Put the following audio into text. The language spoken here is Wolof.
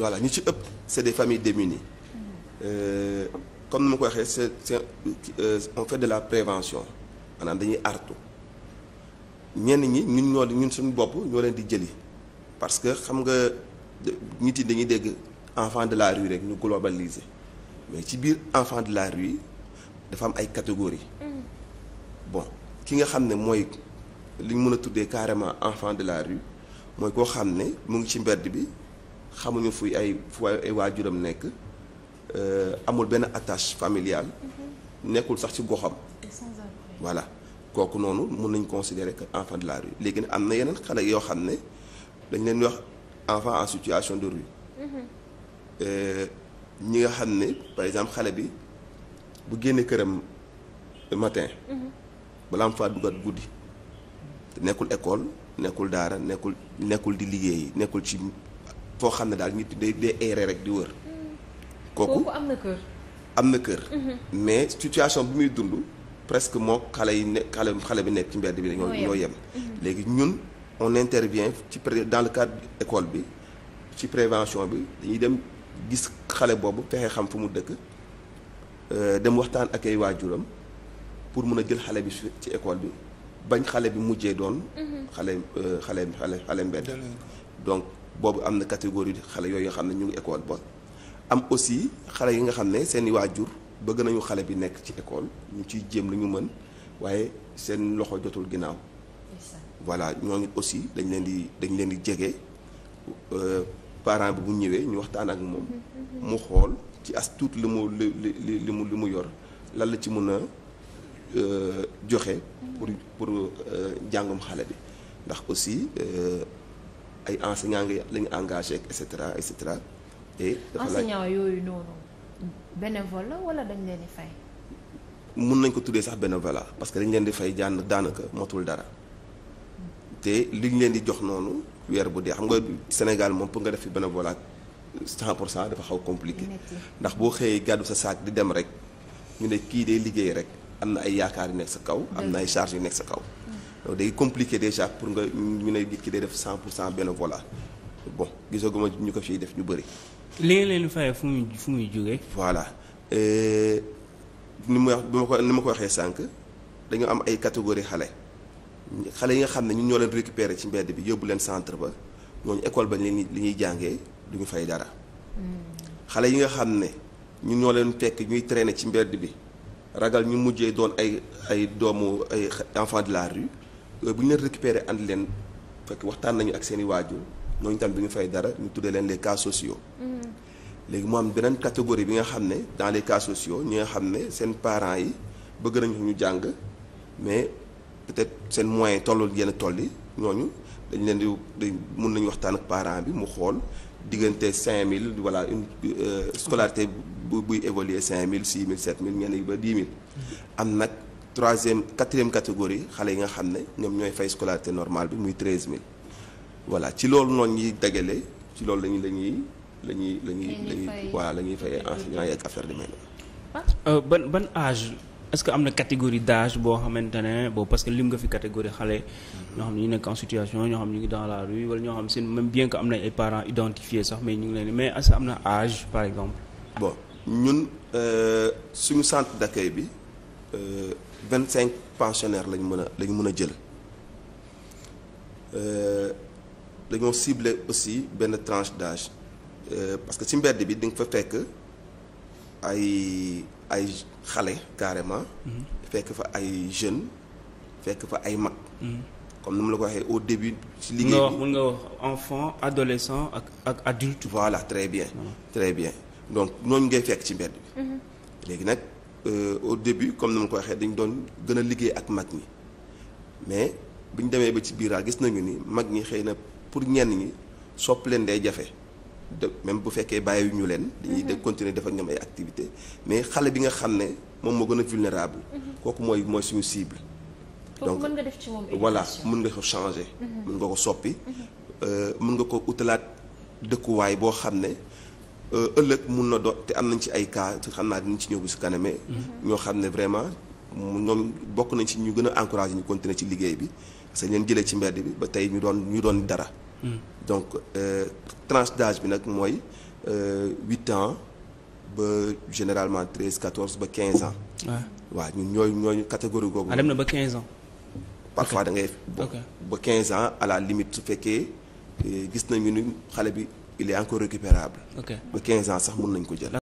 voilà ñu ci ëpp c'est des famille démunies euh, comme ni ma ko waxee c'est c'est euh, on fait de la prévention maanaam dañuy artu ñenn ñi ñun ñoo ñun suñu bopp ñoo leen di jëli parce que xam nga nit dañuy dégg enfant de la rui rek ñu globaliser mais ci biir enfant de la rue dafa am ay catégories mm. bon ki nga xam ne mooy li ñu mën a tuddee carrément enfant de la rue mooy koo xam ne mu ngi ci mbedd bi xamuñu fuy ay fu ay waajuram nekk euh, amul benn attache familiale mhm. nekkul sax ci goxam voilà kooku noonu mun nañ considérer que enfant de la rue léegi nag am na yeneen xale yoo xam ne dañ leen wax enfant situation de rue mhm. euh, ñi nga xam ne par exemple xale bi bu génnee këram matin mhm. balaa mu faa dugat guddi nekkul école nekkul daara nekkul nekkul di liggéey nekkul ci foo xam ne daal nit day day erré rek di wër. kooku am na kër. Mhm. mais situation bi muy dund presque moo xale yi ne xale xale bi nekk ci mbedd bi dañoo ñoo yem. Mhm. léegi ñun on intervient ci dans le cadre école bi ci prévention bi dañuy dem gis xale boobu fexe xam fu mu dëkk euh, dem waxtaan ak ay waajuram pour mun a jël xale bi ci école bi bañ xale bi mujjee doon. Mhm. xale euh, xale xale xale mbedd donc. boobu am na catégorie xale yooyu nga xam ne ñu ngi école ba am aussi xale yi nga xam ne seen waajur bëgg nañu xale bi nekk ci école ñu ciy jéem lu ñu mën waaye seen loxo jotul ginnaaw. voilà ngi aussi dañ leen di dañ leen di jege euh, parent bi bu ñëwee ñu waxtaan ak moom. mu xool ci as tuut li mu li li li mu li mu yor lan la ci mën a euh, joxe. pour pour euh, jàngum xale bi ndax aussi. ay enseignants nga la ñu engagé et cetera et cetera. et dafa laaj enseignants yooyu noonu bénévole la dañ leen di fay. mun nañ ko tuddee sax bénévolat parce que dañ leen di fay jànn daanaka motul dara te liñ leen di jox noonu weer bu dee xam nga Sénégal moom pour nga def fi bénévolat 100 pour cent dafa xaw compliqué. ndax boo xëyee gàddu sa saak di dem rek ñu ne kii day liggéey rek am na ay yaakaar yu nekk sa kaw. am na ay charges yu nekk sa kaw. Mm. day compliqué déjà pour nga ñu ne nit ki day def cent pour cent bénévolat bon gisaguma ñu ko fiy def ñu bëri. li leen fay fu muy fu muy jógee. voilà euh, ni ma ko ni ma ko waxee sànq dañu am ay catégorie xale xale yi nga xam ne ñun ñoo leen récupérer ci mbedd bi yóbbu leen centre ba ñooñu école ba li ñuy li ñuy jàngee du ñu fay dara. Hmm. xale yi nga xam ne ñun ñoo leen fekk ñuy traîner ci mbedd bi ragal ñu mujjee doon ay ay doomu ay enfants de la rue. Euh, bu ñu leen récupérer ànd leen fekk waxtaan nañu ak seen i waajur ñooñu tam bi ñu fay dara ñu tuddee leen les cas sociaux. Mm-hmm. léegi moo am beneen catégorie bi nga xam ne dans les cas sociaux ñi nga xam ne seen parent yi bëgg nañu ñu jàng mais peut seen moyen tollul yenn toll yi ñooñu dañu leen di mun nañu waxtaan ak parent bi mu xool diggante cinq 5000 voilà une euh, scolarité bu buy évoluer 5000 6000 mille ñenn yi ba 10 000 mm-hmm. am nag. troisième quatrième catégorie xale yi nga xam ne ñoom ñooy fay scolarité normal bi muy treize mille voilà ci loolu noonu ñuy dagale ci loolu lañuy lañuy lañuy lañuy lañuy voilà la ñuy fay enseignant yi ak affaire de mel euh, ban ban âge est que am na catégorie d'âge boo xamante ne boobu parce que lim fi catégorie xale ñoo xam ne ñu situation ñoo xam ñu ngi dans la rue wala xam seen même bien que am ay parents identifiés sax mais ñu ngi leen mais est-ce que am na âge par exemple bo ñun euh, suñu centre d'accueil bi euh, vingt cinq pensionnaires lañ mën a lañ mën a jël euh, dañoo cible aussi benn tranche d'âge euh, parce que ci mbedd bi di nga fa fekk ay ay xale carrément. Mm-hmm. fekk fa ay jeunes fekk fa ay mag. Mm-hmm. comme ni mu la ko waxee au début. ci liggéey bi mun nga wax enfant adolescent ak ak adulte. voilà très bien. très bien donc ñooñu ngay fekk ci mbedd bi. Mm-hmm. léegi nag. Euh, au début comme ni ma ko waxee dañ doon gën a liggéey ak mag ñi mais bu ñu demee ba ci biiraa gis nañu ni mag ñi xëy na pour ñenn ñi sopp leen day jafe de même bu fekkee bàyyi ñu leen. dañuy de mhm. continuer def ak ñoom activité mais xale bi nga xam ne moom moo gën a vulnérable. Mhm. kooku mooy mooy suñu cible. donc mën nga voilà mën nga ko changer. mun mhm. nga ko soppi. mun euh, nga ko utalaat dëkkuwaay boo xam ne. Euh, ëllëg mun na do te am nañ ci ay cas xam naa dinañ ci ñëw bu si kaname. Mm-hmm. ñoo xam ne vraiment ñoom bokk nañ ci ñu gën a encouragé ñu continuer ci liggéey bi parce que leen jëlee ci mbedd bi ba tey ñu doon ñu doon dara. Mm. donc euh, tranche d'âge bi nag mooy euh, huit ans ba généralement treize quatorze ba quinze ans. waaw ñun ñooy ñooñu catégorie googu. Ah, dem na ba quinze ans. parfois da ngay. ba quinze ans à la limite su fekkee gis nañu ni xale bi. il est encore récupérable. ok ba ans sax mën nañ ko jël.